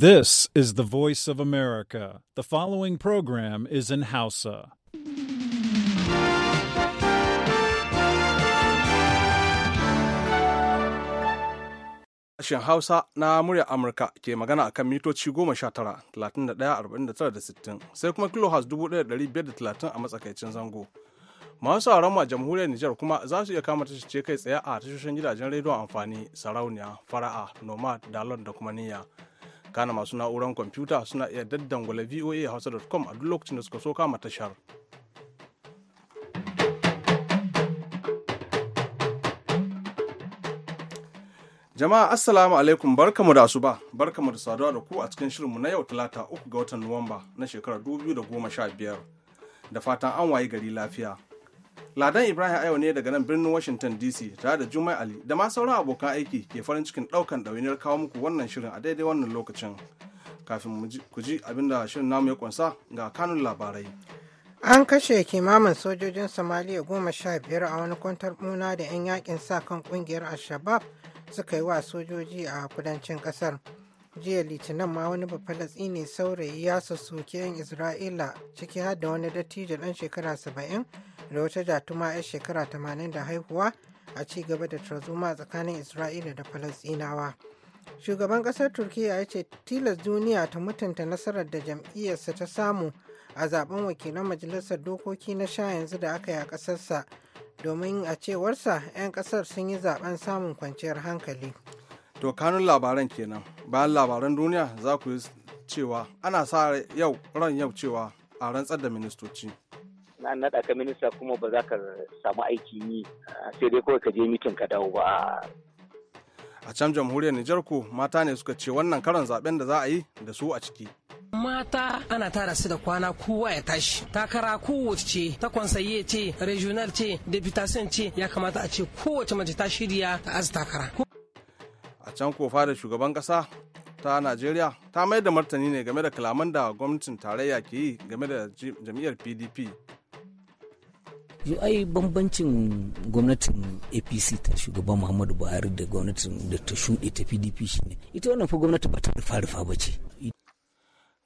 This is the voice of America. The following program is in Hausa. Sashen Hausa na murya Amurka ke magana akan mitoci da sittin sai kuma da 1530 a matsakaicin zango. Masu sauran a jamhuriyar Nijar kuma za su iya kama tashoce kai tsaye a tashoshin gidajen rediyon amfani, sarauniya, fara'a, nomad, dalon da kuma niyya. kana masu na'urar kwamfuta suna iya daddangula voa hausa.com a duk lokacin da suka so kama tashar jama'a assalamu alaikum barkamu da asuba barkamu da saduwa da ku a cikin shirinmu na yau talata uku ga watan nuwamba na shekarar 2015 da fatan an wayi gari lafiya Ladan Ibrahim Ayo ne daga nan birnin Washington DC tare da Jummai Ali da ma sauran abokan aiki ke farin cikin ɗaukan ɗawainiyar kawo muku wannan shirin a daidai wannan lokacin. Kafin ku ji abin da shirin namu ya kunsa ga kanun labarai. An kashe kimamin sojojin Somaliya goma sha biyar a wani kwantar ɓuna da 'yan yakin sa kan ƙungiyar Al-Shabaab suka yi wa sojoji a kudancin ƙasar. jiya litinin ma wani bafalatsi ne saurayi ya sassoke 'yan isra'ila ciki har da wani dattijo dan shekara saba'in da wata jatuma 'yar shekara tamanin da haihuwa a ci gaba da tarzoma tsakanin isra'ila da falasɗinawa shugaban kasar turkiya ya ce tilas duniya ta mutunta nasarar da jam'iyyarsa ta samu a zaben wakilan majalisar dokoki na sha yanzu da aka yi a kasarsa domin a cewarsa 'yan kasar sun yi zaben samun kwanciyar hankali To kanun labaran kenan. Bayan labaran duniya za ku yi cewa ana sa yau ran yau cewa a rantsar da ministoci. Na naɗa ka minista kuma ba za ka samu aiki yi ah, sai dai kawai ka je mitin ka dawo ba. A can jamhuriyar Nijar ko mata ne suka ce wannan karan zaben da za a yi da su a ciki. mata ana tara su da kwana kowa ya tashi takara kowace ce ta konsaye ce regional ce deputation ce ya kamata a ce kowace mace ta shirya ta azu takara a can kofa da shugaban kasa ta najeriya ta mai da martani ne game da kalaman da gwamnatin tarayya ke yi game da jam'iyyar pdp ai bambancin gwamnatin apc ta shugaban muhammadu buhari da gwamnatin da ta shuɗe ta pdp shine ita wannan fa gwamnati ba ta rufa rufa ba ce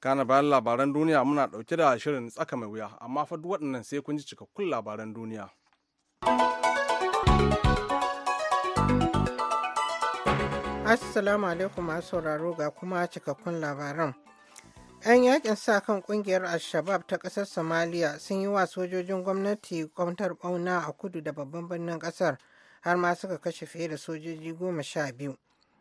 kana bayan labaran duniya muna ɗauke da shirin tsaka mai wuya amma fa duk waɗannan sai kun ji cikakkun labaran duniya. Assalamu alaikum masu sauraro ga kuma cikakkun labaran. 'Yan yakin sa kan kungiyar Al-Shabaab ta ƙasar Somalia sun yi wa sojojin gwamnati kwamtar ɓauna a kudu da babban birnin ƙasar har ma suka kashe fiye da sojoji goma sha biyu.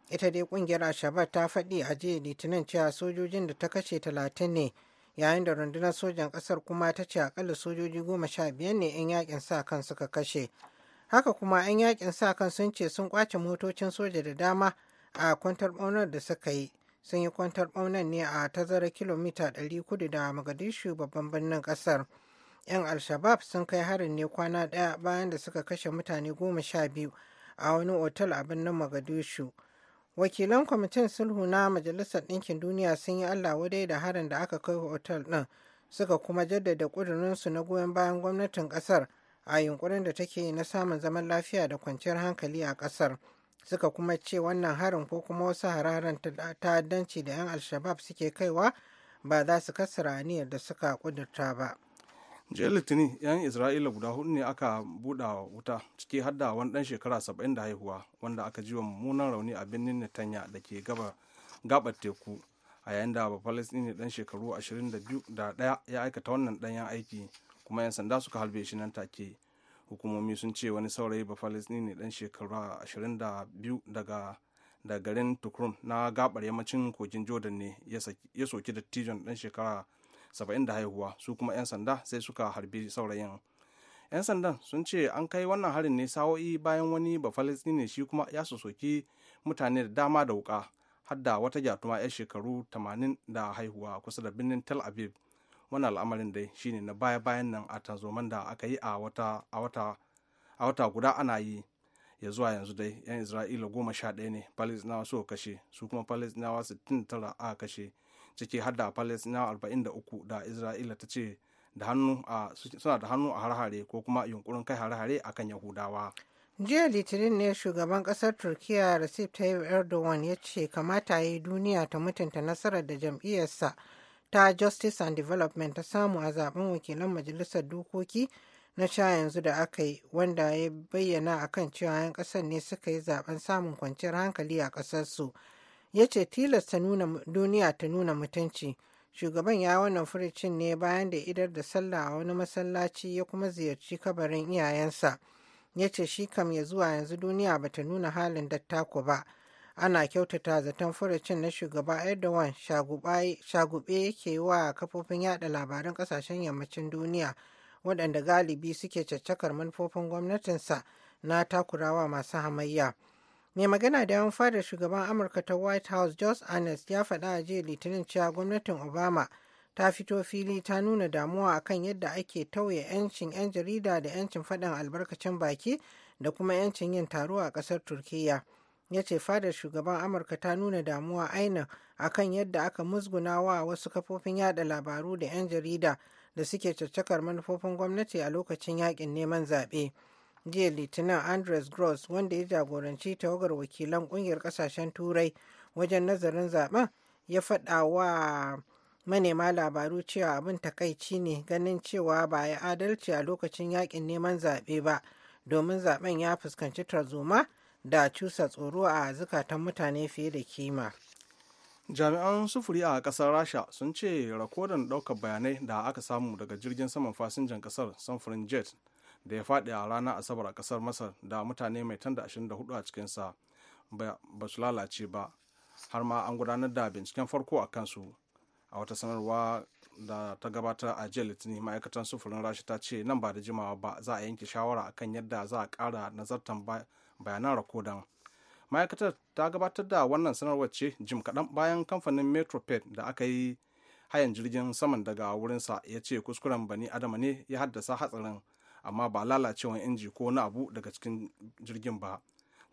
Ita dai kungiyar Al-Shabaab ta faɗi a jiya Litinin cewa sojojin da ta kashe talatin ne yayin da rundunar sojan ƙasar kuma ta ce akalla sojoji goma sha biyar ne 'yan yakin sa kan suka kashe. Haka kuma 'yan yakin sa kan sun ce sun kwace motocin soja da dama a kwantar ɓaunar da suka yi sun yi kwantar ɓaunar ne a tazara kilomita 100 kudu da Magadishu babban birnin ƙasar. 'Yan Al-Shabab sun kai harin ne kwana ɗaya bayan da suka kashe mutane goma sha biyu a wani otal a birnin Magadishu. Wakilan kwamitin sulhu na Majalisar Ɗinkin Duniya sun yi Allah wadai da harin da aka kai otal ɗin suka kuma jaddada ƙudurinsu na goyon bayan gwamnatin ƙasar a yunkurin da take na samun zaman lafiya da kwanciyar hankali a ƙasar. suka kuma ce wannan harin ko kuma wasu hararen ta'addanci da 'yan alshabab suke kaiwa ba za su kasara aniyar da suka kudurta ba jiya litinin 'yan isra'ila guda hudu ne aka buɗa wuta ciki har da wani ɗan shekara 70 da haihuwa wanda aka ji wa mummunan rauni a birnin netanya da ke gabar teku a yayin da ba palestini ɗan shekaru 21 ya aikata wannan ɗanyen aiki kuma 'yan sanda suka halbe shi nan take hukumomi sun ce wani saurayi ne dan shekaru 22 daga da garin tukrum na gabar yammacin kogin jordan ne ya soki dattijon dan shekara 70 da haihuwa su kuma 'yan sanda sai suka harbi saurayin 'yan sandan sun ce an kai wannan harin ne sa'o'i bayan wani ne shi kuma ya soki mutane da dama da wuka har da wata gyatuma 'yar shekaru 80 da haihuwa kusa da birnin tel aviv wani al'amarin dai shine na baya bayan nan a tanzoman da aka yi a wata guda ana yi ya zuwa yanzu dai yan isra'ila goma sha ɗaya ne palestinawa su kashe su kuma palestinawa sittin tara a kashe ciki har da palestinawa arba'in da uku da isra'ila ta ce da hannu a suna da hannu a harhare ko kuma yunkurin kai harhare kan yahudawa jiya litinin ne shugaban kasar turkiya recep tayyip erdogan ya ce kamata ya yi duniya ta mutunta nasarar da jam'iyyarsa ta Justice and Development ta samu a zaben wakilan Majalisar Dokoki na sha yanzu da aka yi wanda ya bayyana a kan cewa 'yan kasar ne suka yi zaben samun kwanciyar hankali a kasarsu. Ya ce tilasta duniya ta nuna mutunci. Shugaban ya wannan furicin ne bayan da idar da sallah a wani masallaci ya kuma ziyarci kabarin iyayensa. Ya ce shi kam ya zuwa yanzu duniya bata nuna halin dattako ba. ana kyautata zaton furucin na shugaba erdogan shagube yake wa kafofin yada labaran kasashen yammacin duniya waɗanda galibi suke caccakar manufofin gwamnatinsa na takurawa masu hamayya mai magana da yawan fadar shugaban amurka ta white house jos Annes ya faɗa a jiya litinin cewa gwamnatin obama ta fito fili ta nuna damuwa akan yadda ake tauye 'yancin 'yan jarida da 'yancin faɗin albarkacin baki da kuma 'yancin yin taro a ƙasar turkiyya ya ce fadar shugaban amurka ta nuna damuwa ainihin akan yadda aka musguna wa wasu kafofin yada labaru da 'yan jarida da suke caccakar manufofin gwamnati a lokacin yakin neman zaɓe. jiya litinin andres gross wanda ya jagoranci tawagar wakilan kungiyar kasashen turai wajen nazarin zaben ya faɗa wa manema labaru cewa abin takaici ne ganin cewa ba ya adalci a lokacin yakin neman zaɓe ba domin zaben ya fuskanci tarzoma da cusa tsoro a zukatan mutane fiye da kima jami'an sufuri a kasar rasha sun ce rakodan ɗaukar bayanai da aka samu daga jirgin saman fasinjan kasar samfurin jet da ya faɗi a ranar asabar a kasar masar da mutane mai tanda 24 a cikinsa ba su lalace ba har ma an gudanar da binciken farko a kansu a wata sanarwa da ta gabatar a jiya litinin ma'aikatan sufurin rasha ta ce nan ba da jimawa ba za a yanke shawara akan yadda za a ƙara nazartan bayanan rakodan ma'aikatar ta gabatar da wannan sanarwar ce jim kaɗan bayan kamfanin metroped da aka yi hayan jirgin saman daga wurinsa ya ce kuskuren bani adama ne ya haddasa hatsarin amma ba lalacewan inji ko na abu daga cikin jirgin ba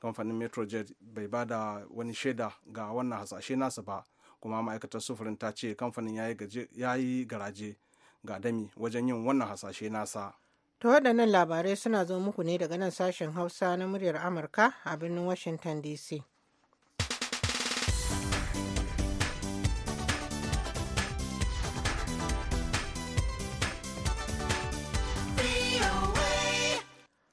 kamfanin metrojet bai ba da wani shaida ga wannan hasashe nasa ba kuma ma'aikatar sufurin ta ce kamfanin ya yi garaje ga dami wajen yin wannan hasashe nasa ta waɗannan labarai suna zo muku ne daga nan sashen hausa na muryar amurka a birnin washington dc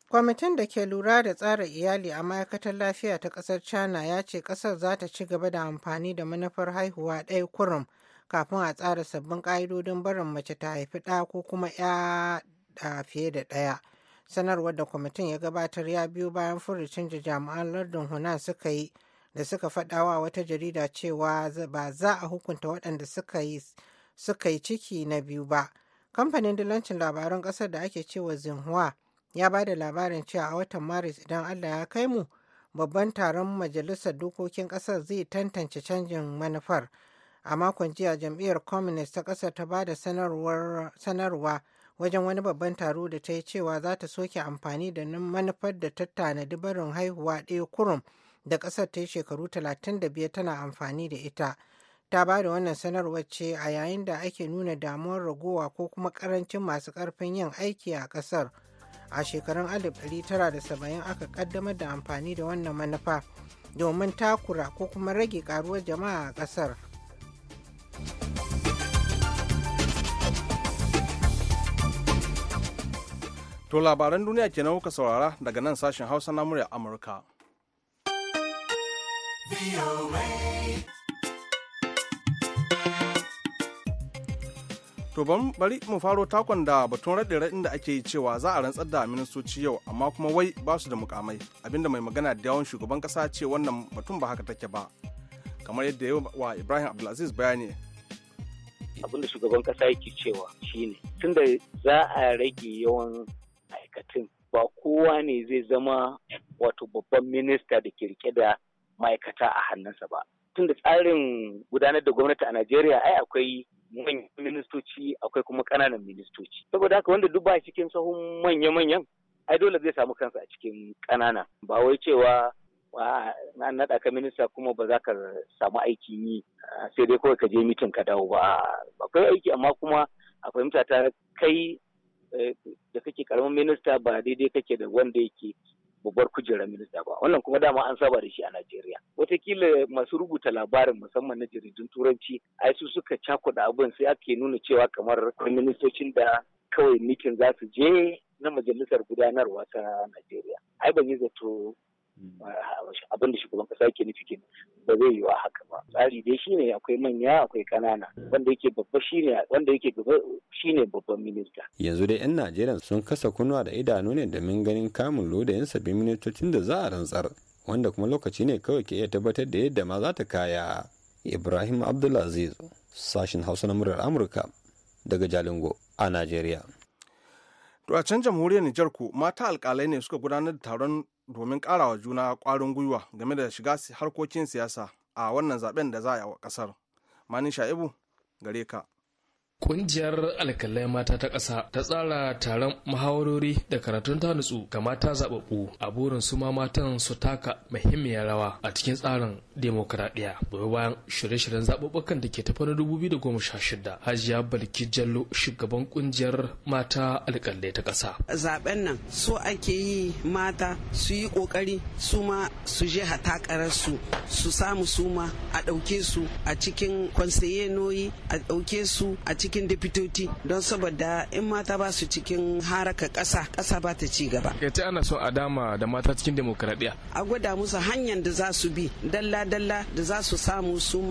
kwamitin da ke lura da tsara iyali a ma'aikatar lafiya ta ƙasar china ya ce ƙasar za ta ci gaba da amfani da manufar haihuwa ɗaya kurum kafin a tsara sabbin ƙa'idodin barin mace ta haifi ɗa ko kuma ya a fiye da ɗaya. Sanarwar da kwamitin ya gabatar ya biyu bayan furucin da jami'an lardin Hunan suka yi da suka faɗawa wata jarida cewa ba za a hukunta waɗanda suka yi ciki na biyu ba. Kamfanin dilancin labaran ƙasar da ake cewa Zinhua ya ba da labarin cewa a watan Maris idan Allah ya kai mu babban taron majalisar dokokin ƙasar zai tantance canjin manufar. A makon jiya jam'iyyar Communist ta ƙasar ta ba da sanarwa wajen wani babban taro da ta yi cewa za ta soke amfani da manufar da ta tanadi barin haihuwa ɗaya kurum da ƙasar ta yi shekaru 35 tana amfani da ita. Ta ba da wannan sanarwar ce a yayin da ake nuna damuwar ragowa ko kuma ƙarancin masu ƙarfin yin aiki a ƙasar. A shekarun 1970 aka ƙaddamar da amfani da wannan manufa domin takura ko kuma rage ƙaruwar jama'a a ƙasar. To labaran duniya kenan kuka saurara daga nan sashen Hausa na murya Amurka. To bari mu faro takon da batun raɗe raɗin da ake yi cewa za a rantsar da ministoci yau amma kuma wai ba su da mukamai abinda mai magana da yawon shugaban kasa ce wannan batun ba haka take ba kamar yadda yau wa Ibrahim Abdulaziz bayani abinda shugaban kasa yake cewa shine tunda za a rage yawan ba kowa ne zai zama wato babban minista da ke rike da ma'aikata a hannunsa ba tun da tsarin gudanar da gwamnati a najeriya ai akwai manyan ministoci akwai kuma ƙananan ministoci saboda haka wanda duba ba cikin sahun manya-manyan ai dole zai samu kansa a cikin kanana ba wai cewa na naɗa ka minista kuma ba za ka samu aiki ni? sai dai kawai ka je mitin ka dawo ba akwai aiki amma kuma a fahimta ta kai Eh, da kake karamin minista ba daidai kake da wanda yake babbar kujerar minista ba wannan kuma dama an saba da shi a Najeriya wataƙila masu rubuta labarin musamman na jaridun turanci ai su suka cakuɗa abin sai ake nuna cewa kamar ministocin da kawai mikin za su je na majalisar gudanarwa ta Najeriya ai ban yi zato abin da shugaban kasa ke nufi ke ba zai yi wa haka ba tsari dai shine akwai manya akwai kanana wanda yake babba shine wanda yake gaba shine babban minista yanzu dai yan Najeriya sun kasa kunwa da idanu ne domin ganin kamun yan sabbin ministocin da za a rantsar wanda kuma lokaci ne kawai ke iya tabbatar da yadda ma za ta kaya Ibrahim Abdulaziz sashin Hausa na murar Amurka daga Jalingo a Najeriya. To a can jamhuriyar Nijar ku mata alkalai ne suka gudanar da taron domin karawa juna ƙwarin gwiwa game da shiga harkokin siyasa a wannan zaben da za a yi a kasar manin sha'ibu gare ka Kungiyar alkalai mata ta ƙasa ta tsara taron muhawarori da karatun ta nutsu ga mata zaɓaɓɓu a burin su ma matan su taka muhimmiyar rawa a cikin tsarin demokuraɗiyya. Bai bayan shirye-shiryen zaɓuɓɓukan da ke tafi na 2016 Hajiya Balki Jallo shugaban kungiyar mata alƙalai ta ƙasa. Zaɓen nan so ake yi mata su yi ƙoƙari su ma su je takarar su su samu su ma a ɗauke su a cikin kwanseyenoyi a ɗauke su a cikin cikin dipitoti don saboda in mata ba su cikin haraka ƙasa ƙasa ba ta ci gaba. Gaci eh, ana son a dama da mata cikin demokradiyya. A gwada musu hanyar da za su bi dalla-dalla da za su samu su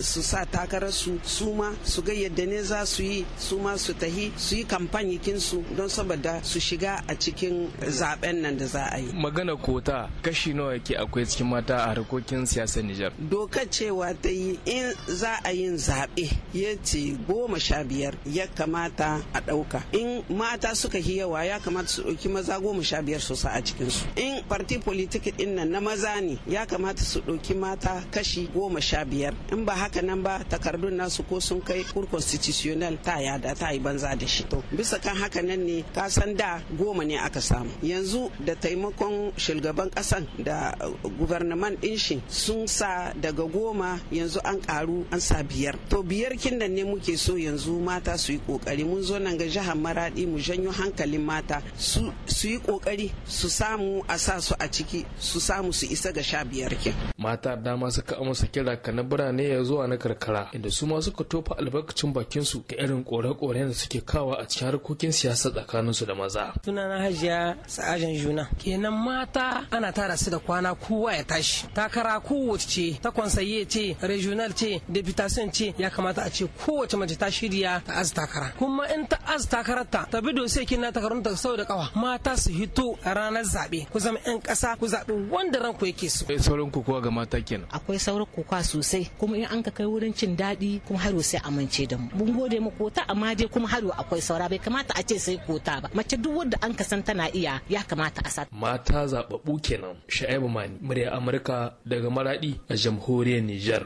su sa takarar su suma su ga yadda ne za su yi su su tahi su yi kamfanyikin su don saboda su shiga a cikin zaben nan da za a yi. Magana kota kashi nawa ke akwai cikin mata a harkokin siyasar Nijar. Dokar cewa ta yi in za a yin zaɓe ya ce goma sha biyar ya kamata a ɗauka in mata suka yi yawa ya kamata su ɗauki maza goma sha biyar su a cikinsu in parti politik ɗin nan na maza ne ya kamata su ɗauki mata kashi goma sha biyar in ba haka nan ba takardun nasu ko sun kai kur constitutional ta yada ta yi banza da shi to bisa kan haka nan ne ka san da goma ne aka samu yanzu da taimakon shugaban ƙasan da uh, gubernaman ɗin shi sun sa daga goma yanzu an ƙaru an sa biyar to biyar kin nan ne muke so yanzu yanzu mata su yi kokari mun zo nan ga jihar maradi mu janyo hankalin mata su yi kokari su samu a sa su a ciki su samu su isa ga sha biyar ke. mata dama suka amsa kira ka na birane ya zuwa na karkara inda su ma suka tofa albarkacin bakin su ga irin kore-kore da suke kawa a cikin harkokin siyasa tsakanin su da maza sunana hajiya sa'ajan juna kenan mata ana tara su da kwana kowa ya tashi takara kowace ce ta konsaye ce regional ce deputation ce ya kamata a ce kowace mace tashi shirya ta az takara kuma in ta az takarar ta ta bi dose kin na takarun ta sau da kawa mata su hito a ranar zabe ku zama yan kasa ku zabi wanda ranku yake so akwai sauran kokowa ga mata kenan akwai sauran kokowa sosai kuma in an ka kai wurin cin daɗi kuma haro sai amince da mu mun gode mu kota amma dai kuma haro akwai saura bai kamata a ce sai kota ba mace duk wanda an ka san tana iya ya kamata a sa mata zababbu kenan sha'ibu mani murya amurka daga maradi a jamhuriyar Nijar.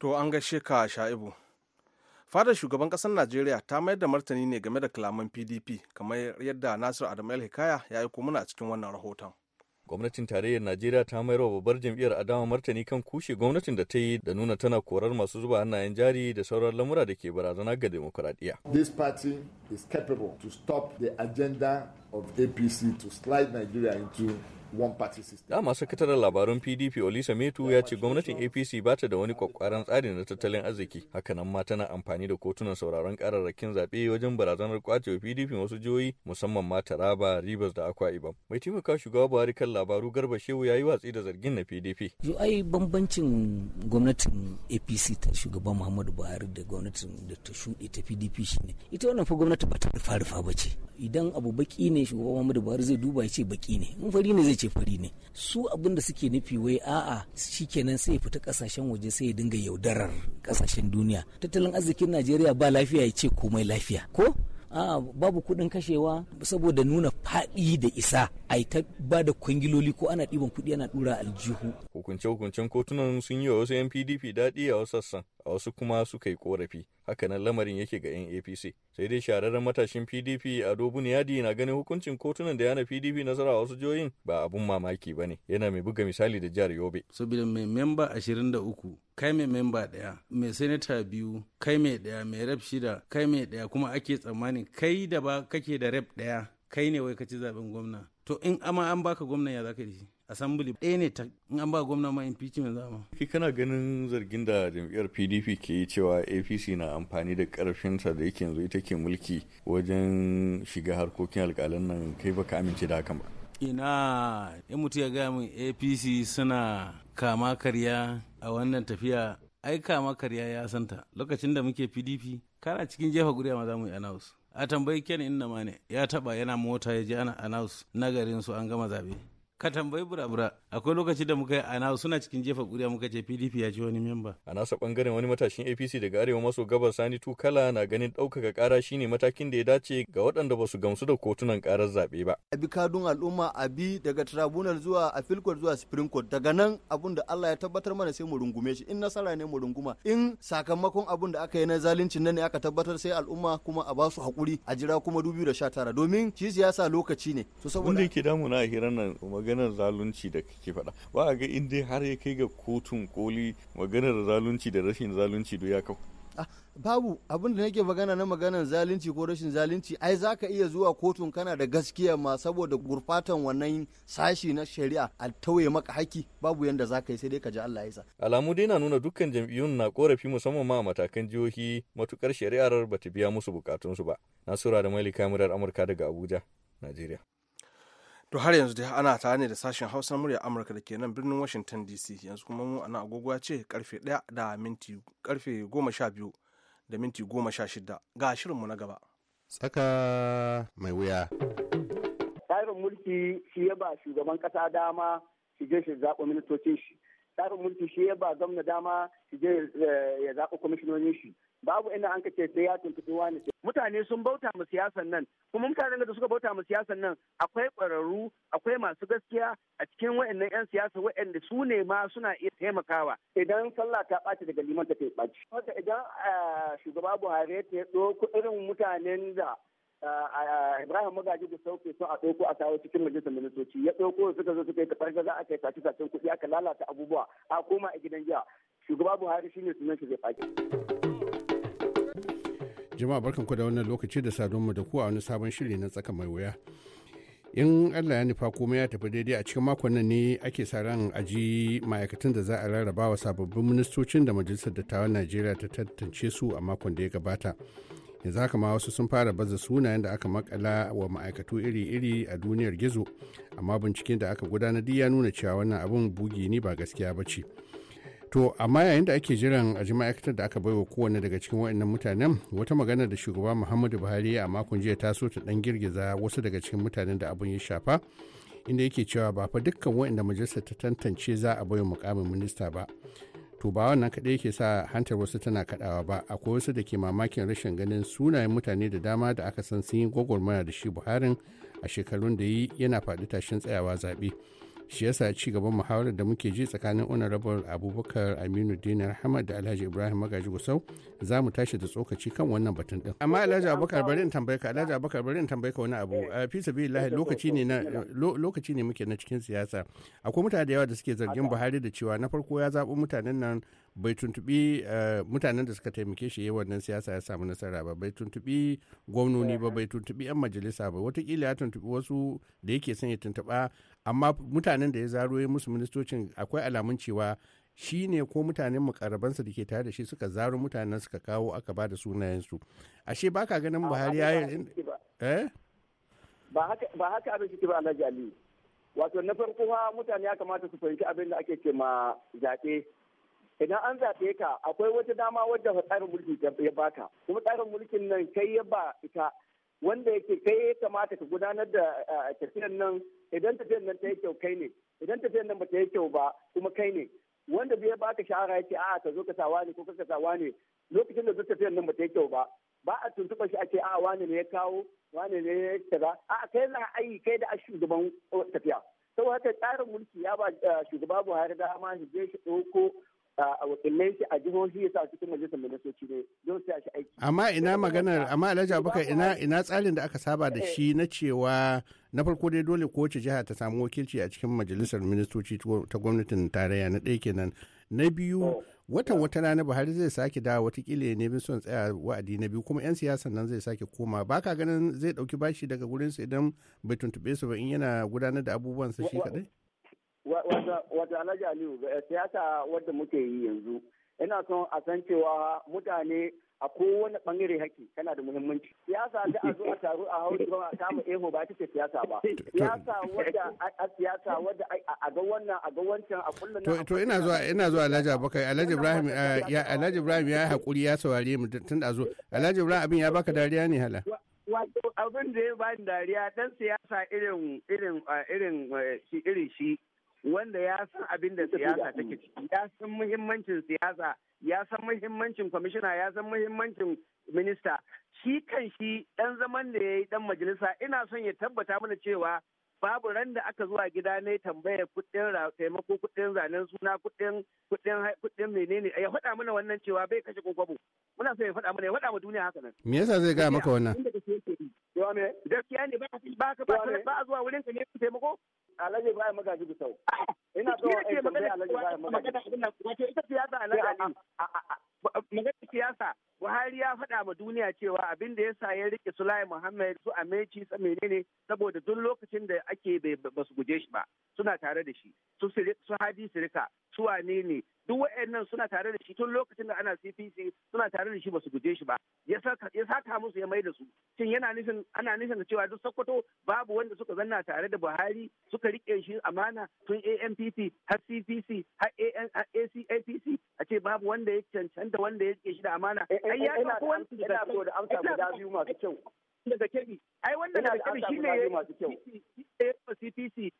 to an gaishe ka sha'ibu fadar shugaban kasar najeriya ta mayar da martani ne game da kalaman pdp kamar yadda nasiru adamu hikaya ya aiko mana a cikin wannan rahoton gwamnatin tarayyar najeriya ta mayar wa babbar jam'iyyar adama martani kan kushe gwamnatin da ta yi da nuna tana korar masu zuba hannayen jari da sauran lamura da ke barazana ga demokuraɗiyya. this party is capable to stop the agenda of apc to slide nigeria into one party system. Dama sakataren labarun PDP Olisa Metu ya ce gwamnatin APC ba ta da wani kwakwaran tsari na tattalin arziki. Hakanan ma tana amfani da kotunan sauraron kararrakin zaɓe wajen barazanar kwacewa PDP wasu jihohi musamman ma Taraba, Rivers da Akwa Ibom. Mai taimaka shugaba Buhari kan labaru Garba Shehu ya yi watsi da zargin na PDP. Yo ai bambancin gwamnatin APC ta shugaba Muhammadu Buhari da gwamnatin da ta shuɗe ta PDP shine ita wannan fa gwamnati ba ta rufa rufa ba ce. Idan abu baki ne shugaba Muhammadu Buhari zai duba ya ce baki ne. mun fari ne zai ce ce fari ne su abin da suke nufi wai a'a shikenan sai ya fita kasashen waje sai ya dinga yaudarar kasashen duniya tattalin arzikin najeriya ba lafiya ya ce komai lafiya ko a'a babu kuɗin kashewa saboda nuna faɗi da isa a ta ba da kwangiloli ko ana ɗiban kuɗi ana ɗura aljihu hukunce hukuncen kotunan sun yi wa wasu yan pdp daɗi a wasu sassan a wasu kuma suka yi korafi hakanan lamarin yake ga 'yan apc sai dai shararren matashin pdp a yadi na ganin hukuncin kotunan da yana pdp nasara a wasu jihohin ba abun mamaki ba ne yana mai buga misali da jihar yobe saboda mai memba uku kai mai memba daya mai senata biyu kai mai daya mai rep shida kai mai daya kuma ake tsammani kai da ba kake da rep daya kai ne wai ka ci zaben gwamna to in ama an baka gwamna ya zaka yi shi assembly ɗaya ne ta in an ba gwamna ma impeachment za mu. kana ganin zargin da jam'iyyar PDP ke yi cewa APC na amfani da ƙarfinta da yake yanzu ita ke mulki wajen shiga harkokin alƙalan nan kai baka amince da hakan ba. Ina in mutu ya gaya min APC suna kama karya a wannan tafiya ai kama karya ya santa lokacin da muke PDP kana cikin jefa guriya ma za mu yi announce. A tambayi Ken ma ne ya taba yana mota ya je ana announce na garin su an gama zabe. ka tambayi bura bura akwai lokaci da muka yi ana suna cikin jefa kuri'a muka ce pdp ya ci wani memba a nasa bangaren wani matashin apc daga arewa maso gabas sani tukala na ganin daukaka kara shine matakin da ya dace ga waɗanda ba su gamsu da kotunan karar zabe ba a bi kadun al'umma a bi daga tribunal zuwa a filkot zuwa supreme court daga nan abun da allah ya tabbatar mana sai mu rungume shi in nasara ne mu runguma in sakamakon abun da aka yi na zaluncin nan ne aka tabbatar sai al'umma kuma a ba su haƙuri a jira kuma da sha tara domin shi siyasa lokaci ne so saboda wanda yake damuna a hiran nan maganar zalunci da kake faɗa ba a ga in dai har ya kai ga kotun koli maganar zalunci da rashin zalunci ya kau ah, babu abin da nake magana na maganar zalunci ko rashin zalunci ai za ka iya zuwa kotun kana da gaskiya ma saboda gurfatan wannan sashi na shari'a a tauye maka haki babu yadda za ka yi sai dai ka ji Allah ya alamu dai na nuna dukkan jam'iyyun na korafi musamman ma a matakan jihohi matukar shari'ar bata biya musu bukatunsu ba nasura da mailika murar amurka daga abuja najeriya to har yanzu dai ana tare ne da sashen hausa murya amurka da ke nan birnin washington dc yanzu kuma mu ana agogowa ce karfe 1 da minti karfe 12 da minti 16 ga shirinmu na gaba tsaka mai wuya tsarin mulki shi ya ba shugaban kasa dama shi je shi zaɓa ministocin shi tsarin mulki shi ya ba gwamna dama shi je eh, ya zaɓa kwamishinonin shi babu inda an kace sai ya tuntuɓi wani mutane sun bauta mu siyasan nan kuma mutanen da suka bauta mu siyasan nan akwai ƙwararru akwai masu gaskiya a cikin waɗannan 'yan siyasa waɗanda su ne ma suna iya taimakawa idan sallah ta ɓaci daga liman ta ɓaci wata idan shugaba buhari ta ya ɗauko irin mutanen da Ibrahim Magaji da sauke sun a ɗauko a kawo cikin majalisar ministoci ya ɗauko suka zo suka yi kafar za a kai sace sacen kuɗi aka lalata abubuwa a koma a gidan jiya shugaba Buhari shine sunan shi zai faɗi. jama'a barkanku da wannan lokaci da sadonmu da ku a wani sabon shiri na tsaka mai wuya in allah ya nufa komai ya tafi daidai a cikin makon nan ne ake sa ran aji ma'aikatan da za a rarraba wa sababbin ministocin da majalisar dattawan najeriya ta tantance su a makon da ya gabata yanzu haka ma wasu sun fara baza sunayen da aka makala wa ma'aikatu iri-iri a duniyar gizo amma binciken da aka gudanar ya nuna cewa wannan abin bugi ne ba gaskiya ba ce to amma yayin da ake jiran a ji ma'aikatar da aka baiwa kowane daga cikin waɗannan mutanen wata magana da shugaba muhammadu buhari a makon jiya ta so ta ɗan girgiza wasu daga cikin mutanen da abun ya shafa inda yake cewa ba fa dukkan waɗanda majalisar ta tantance za a baiwa mukamin minista ba to ba wannan kaɗai yake sa hantar wasu tana kaɗawa ba akwai wasu da ke mamakin rashin ganin sunayen mutane da dama da aka san sun yi gwagwarmaya da shi buharin a shekarun da yi yana faɗi tashin tsayawa zaɓe shi yasa ci gaban muhawarar da muke ji tsakanin honorable abubakar aminu dinar hamad da alhaji ibrahim magaji gusau za mu tashi da tsokaci kan wannan batun din amma alhaji abubakar bari in tambaye ka alhaji abubakar bari in tambaye ka wani abu fi sabilillahi lokaci ne na lokaci ne muke na cikin siyasa akwai mutane da yawa da suke zargin buhari da cewa na farko ya zaɓi mutanen nan bai tuntubi eh, mutanen da suka taimake shi wannan siyasa ya samu nasara ba bai tuntubi gwamnoni ba bai tuntubi yan majalisa ba watakila ya tuntubi wasu da yake son ya tuntuba amma mutanen da ya zaro ya musu ministocin akwai alamun cewa shi ne ko mutanen mukarabansa da ke tare da shi suka zaro mutanen suka kawo aka ba da sunayensu ashe ba ka ganin buhari ya yi eh? ba haka abin shi ba alhaji wato na farko ha mutane ya kamata su fahimci abin da ake ce ma zaɓe idan an zaɓe ka akwai wata dama wadda tsarin mulki ya baka kuma tsarin mulkin nan kai ya ba ita wanda yake kai ya kamata ka gudanar da tafiyan nan idan tafiyan nan ta yi kyau kai ne idan tafiyan nan ba ta yi kyau ba kuma kai ne wanda bai baka shahara yake a'a ka zo ka sawa ne ko ka sawa ne lokacin da duk tafiyan nan ba ta yi kyau ba ba a tuntuɓa shi ake a'a wani ne ya kawo wani ne ya kaza a'a kai za a yi kai da a shugaban tafiya sau haka tsarin mulki ya ba shugaba buhari dama shi je shi ɗauko a wakilai shi a jihohi ya sa cikin majalisar ministoci ne don sai shi aiki. Amma ina maganar amma Alhaji Abubakar ina ina tsarin da aka saba da shi na cewa na farko dai dole kowace jiha ta samu wakilci a cikin majalisar ministoci ta gwamnatin tarayya na ɗaya kenan. Na biyu oh, watan wata rana Buhari zai sake dawo watakila ne bin son tsaya wa'adi na biyu kuma 'yan siyasan nan zai sake koma baka ganin zai ɗauki bashi daga gurinsu idan bai tuntuɓe su ba in yana gudanar da abubuwansa shi kaɗai. wata alhaji aliyu eh, siyasa wadda muke yi yanzu ina son a san cewa mutane a kowane bangare haki tana da muhimmanci siyasa da a zo a taru a hau ba a kama eho ba ta ce siyasa ba siyasa wadda a siyasa wadda a ga wannan a ga wancan a kullum to ina zuwa ina zuwa Alhaji Abubakar Alhaji Ibrahim eh, ya Alhaji Ibrahim ya hakuri ya saurare mu tun da zo Alhaji Ibrahim abin ya baka dariya ne hala wato abin da ya bani dariya dan siyasa irin irin eh, irin shi irin shi wanda ya san abin da siyasa take ciki ya san muhimmancin siyasa ya san muhimmancin kwamishina ya san muhimmancin minista shi kan shi dan zaman da ya yi dan majalisa ina son ya tabbata mana cewa babu ran da aka zuwa gida ne tambayar kuɗin taimako kuɗin zanen suna kuɗin kuɗin kuɗin menene ya faɗa mana wannan cewa bai kashe kokwabo muna so ya faɗa mana ya faɗa ma duniya haka nan me yasa zai gaya maka wannan Yone. Gaskiya ne ba ka ba a zuwa wurin ka ne su taimako? Alhaji Ibrahim Magaji Gusau. Ina so in tambayi Alhaji Ibrahim Magaji. Wato ita siyasa Alhaji Ali. Magaji siyasa Buhari ya faɗa ma duniya cewa abin da ya sa ya rike Sulai Muhammad su Amechi su menene saboda duk lokacin da ake ba su guje shi ba suna tare da shi su Hadi Sirika su wane ne duk wa'annan suna tare da shi tun lokacin da ana CPC suna tare da shi ba su guje shi ba ya saka musu ya maida su shin yana nufin ana nufin cewa duk Sokoto babu wanda suka zanna tare da Buhari suka rike shi amana tun ANPP har CPC har ACAPC a ce babu wanda ya cancanta wanda ya rike shi da amana eh, eh, ai ya ɗauko wanda da so da amsa guda biyu masu kyau daga kebi ai wannan da kebi shine ya CPC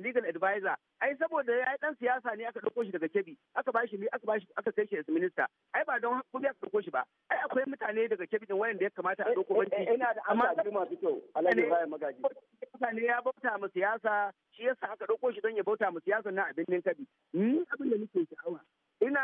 legal advisor ai saboda ya dan siyasa ne aka dauko shi daga kebi aka bashi ne aka bashi aka kai shi as minister ai ba don kuma aka dauko shi ba ai akwai mutane daga kebi din wayanda ya kamata a dauko eh, eh, banki eh, ina da amma da masu Magaji mutane ya bauta mu siyasa shi yasa aka dauko shi don ya bauta mu siyasa na abin din kabi ni abin da nake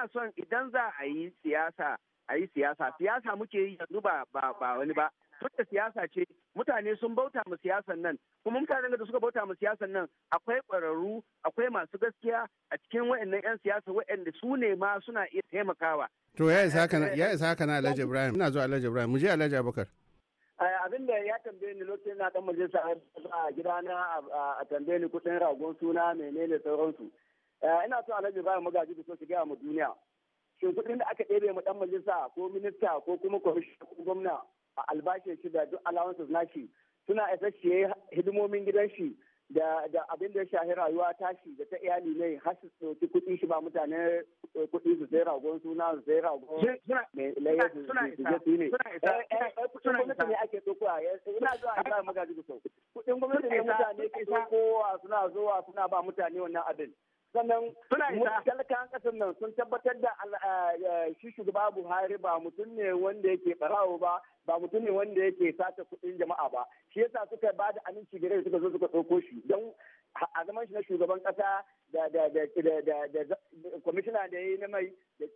ina son idan za a yi siyasa a yi siyasa siyasa muke yi yanzu ba ba wani ba tun da siyasa ce mutane sun bauta mu siyasan nan kuma mutanen da suka bauta mu siyasan nan akwai ƙwararru akwai masu gaskiya a cikin waɗannan 'yan siyasa waɗanda su ne ma suna iya taimakawa. to ya isa haka ya isa haka na alhaji ibrahim ina zuwa alhaji ibrahim mu je alhaji abubakar. Eh, abin da ya tambaye ni lokacin na dan majalisa a gidana a tambaye ni kudin ragon suna menene sauransu. Eh, ina so alhaji bayan magaji da so ki gaya mu duniya shin kuɗin da aka ɗebe mu dan majalisa ko minista ko kuma kwamishina ko gwamna a albashin shi da duk allowances nashi suna isasshe hidimomin gidan shi da da abin da ya shahi rayuwa tashi da ta iyali ne har su ɗauki kuɗi shi ba mutane eh, kuɗi su zai ragon suna su zai ragon mai laye su ne. Eh, kuɗin gwamnati ne ake ina zuwa magaji sau. Kuɗin gwamnati ne mutane ke suna zuwa suna ba mutane wannan abin. sannan talakan kasar nan sun tabbatar da shi shugaba buhari ba mutum ne wanda yake barawo ba ba mutum ne wanda yake sace kuɗin jama'a ba shi yasa suka ba da aminci gare suka zo suka ɗauko shi don a zaman shi na shugaban kasa da da da da da da ya na mai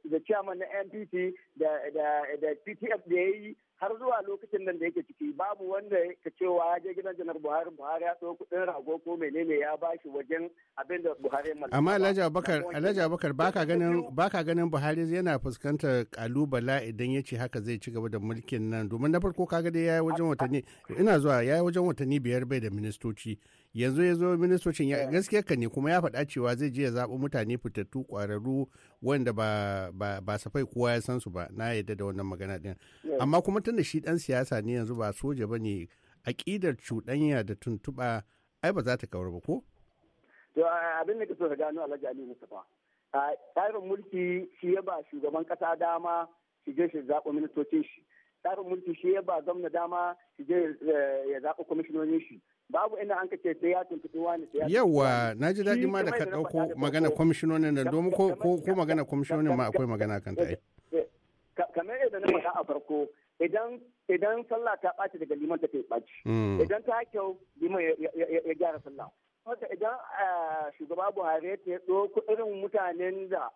da chairman na NPC da da da PTF da ya har zuwa lokacin nan da yake ciki babu wanda ka cewa ya je gidan janar Buhari Buhari ya tsawo kudin rago ko menene ya bashi wajen abin da Buhari ya mallaka amma Alhaji Abubakar Alhaji Abubakar baka ganin baka ganin Buhari yana fuskantar kalubala idan ya ce haka zai ci gaba da mulkin nan domin na farko kaga dai yayi wajen watanni ina zuwa yayi wajen watanni biyar bai da ministoci yanzu ya zo ministocin ya gaskiya ka ne kuma ya faɗa cewa zai je ya zaɓi mutane fitattu ƙwararru wanda ba safai kowa ya san su ba na yadda da wannan magana ɗin amma kuma tunda shi ɗan siyasa ne yanzu ba soja ba ne aƙidar cuɗanya da tuntuɓa ai ba za ta kawar ba ko. to abin da ka gano alhaji ali mustapha a tsarin mulki shi ya ba shugaban kasa dama shi je shi zaɓi ministocin shi tsarin mulki shi ya ba gwamna dama shi je eh, ya zaɓi kwamishinonin shi babu inda an kace sai ya tuntuɓi wani sai ya yawa na ji daɗi ma da ka ɗauko magana kwamishinonin da domin ko magana kwamishinonin ma akwai magana kan ta eh, eh, kamar yadda na faɗa a farko idan idan sallah ta ɓaci daga liman ta kai ɓaci hmm. idan ta kyau liman ya gyara sallah haka idan eh, shugaba buhari ya ɗauko irin mutanen da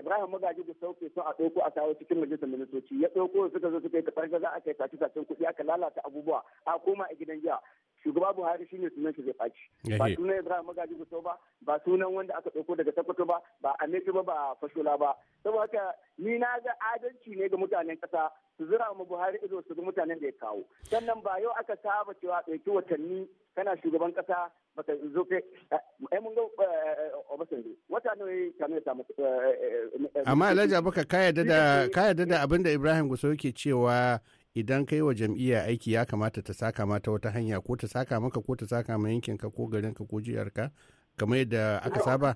Ibrahim Magaji da sauke sun a ɗauko a kawo cikin majalisar ministoci ya ɗauko suka zo suka yi taɓar gaza aka yi sace sacen kuɗi aka lalata abubuwa a koma a gidan jiya shugaba Buhari shine sunan shi zai faci ba sunan Ibrahim Magaji Gusau ba ba sunan wanda aka ɗauko daga Sokoto ba ba Ameke ba ba Fashola ba saboda haka ni na ga adalci ne ga mutanen ƙasa su zira mu Buhari ido su ga mutanen da ya kawo sannan ba yau aka saba cewa ɗauki watanni kana shugaban ƙasa baka zo eh, mun eh, wata eh, amma alhaji abaka ka yarda da da abinda ibrahim gusau yake cewa idan kai wa jam'iyya aiki ya kamata ta saka mata wata hanya ko ta saka maka ko ta saka ma yankinka ko garinka ko ka kamar yadda aka saba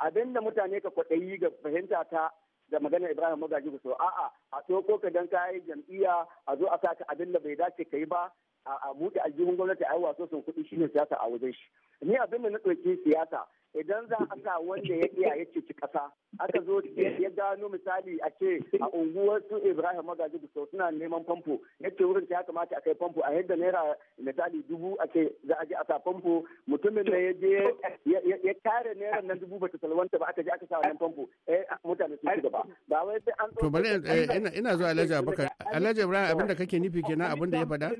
abinda mutane ka kwaɗayi ga fahimta ta da magana Ibrahim Magaji gusau a'a a tsoko ka dan kayi jam'iyya a zo a saka abin da bai dace ka yi ba a buɗe aljihun gwamnati a yi wasu sun kuɗi ne siyasa a wajen shi ni abin da na ɗauki siyasa idan za a sa wanda ya iya ya ceci ƙasa aka zo ya gano misali a ce a unguwar su ibrahim magaji sau suna neman famfo ya ce wurin ya kamata a kai famfo a yadda naira misali dubu a ce za a je a sa famfo mutumin da ya je ya kare naira nan dubu bata salwanta ba aka je aka sa wannan famfo eh mutane sun ci gaba ba wai sai an to bari eh, ina zuwa alhaji abubakar alhaji ibrahim abinda kake nufi kenan abinda ya faɗa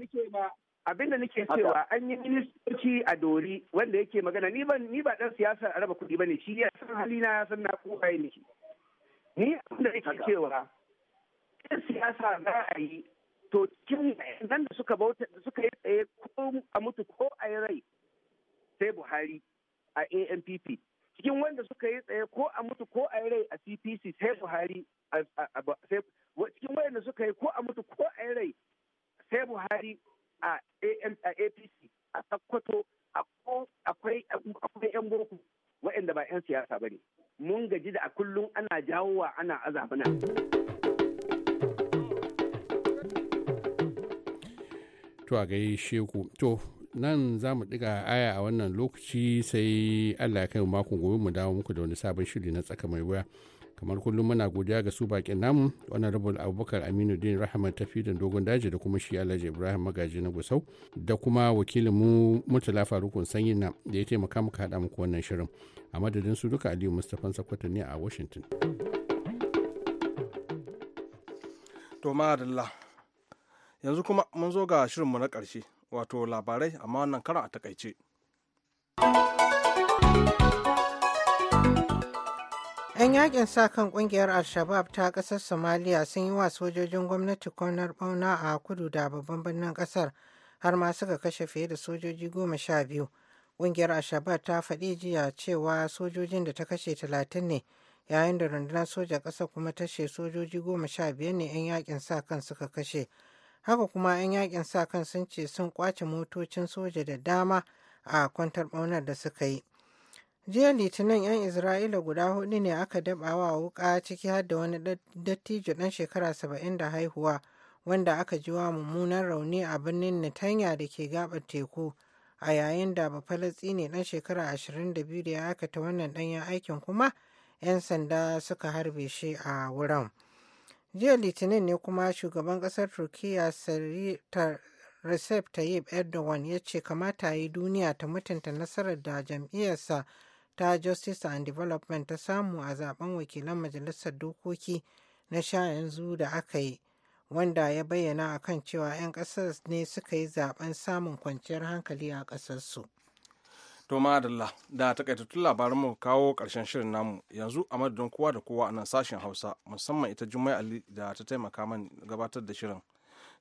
abinda nake cewa an yi ministoci a dori wanda yake magana ni ba ni ba dan siyasar araba kuɗi bane shi ya san na ya san na ku nake ni abinda nake cewa dan siyasa za a yi to kin nan da suka bauta suka yi tsaye ko a mutu ko a yi rai sai Buhari a ANPP cikin wanda suka yi tsaye ko a mutu ko a yi rai a CPC sai Buhari ana azabana. To a gaishe sheku To nan za mu ɗiga aya a wannan lokaci sai Allah ya kai makon gobe mu dawo muku da wani sabon shiri na tsaka mai wuya. kamar kullum muna godiya ga su bakin namu rabul abubakar aminu din tafi da dogon daji da kuma shi alhaji ibrahim magaji na gusau da kuma wakilin mu murtala farukun sanyin na da ya taimaka muka haɗa muku wannan shirin a madadin su duka aliyu mustapha sakwata ne a washington. To ma'adalla, yanzu kuma mun zo ga shirinmu na ƙarshe, wato labarai amma wannan karan a takaice. Yan yakin sa kan ƙungiyar al shabab ta ƙasar somaliya sun yi wa sojojin gwamnati kwanar bauna a kudu da babban birnin ƙasar har ma suka kashe fiye da sojoji goma sha biyu. ƙungiyar al shabab ta faɗi jiya cewa sojojin da ta kashe talatin ne yayin da rundunar soja ƙasa kuma ta sojoji goma sha biyar ne 'yan yakin sa kan suka kashe haka kuma 'yan yakin sa kan sun ce sun kwace motocin soja da dama a kwantar ɓaunar da suka yi jiya litinin 'yan isra'ila guda hudu ne aka dabawa wuka ciki har da wani dattijo dan shekara saba'in da haihuwa wanda aka ji wa mummunan rauni a birnin netanya da ke gabar teku a yayin da ba bafalatsi ne dan shekara 22 da ya aikata wannan ɗanyen aikin kuma 'yan sanda suka harbe shi a wurin jiya litinin ne kuma shugaban ƙasar Turkiyya recep tayyip erdogan ya ce kamata yi duniya ta mutunta nasarar da jam'iyyarsa ta justice and development ta samu a zaben wakilan majalisar dokoki na sha yanzu da aka yi wanda ya bayyana a kan cewa 'yan ƙasar ne suka yi zaben samun kwanciyar hankali a ƙasarsu. To madalla da takaitattun labaran mu kawo karshen shirin namu yanzu a madadin kowa da kowa a nan sashen Hausa musamman ita Jummai Ali da ta taimaka man gabatar da shirin.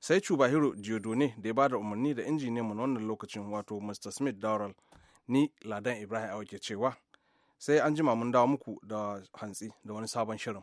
Sai Cubahiro Diodone da ya bada umarni da injiniyan mu na wannan lokacin wato Mr. Smith Daural ni Ladan Ibrahim Awa cewa sai an jima mun dawo muku da hantsi da wani sabon shirin.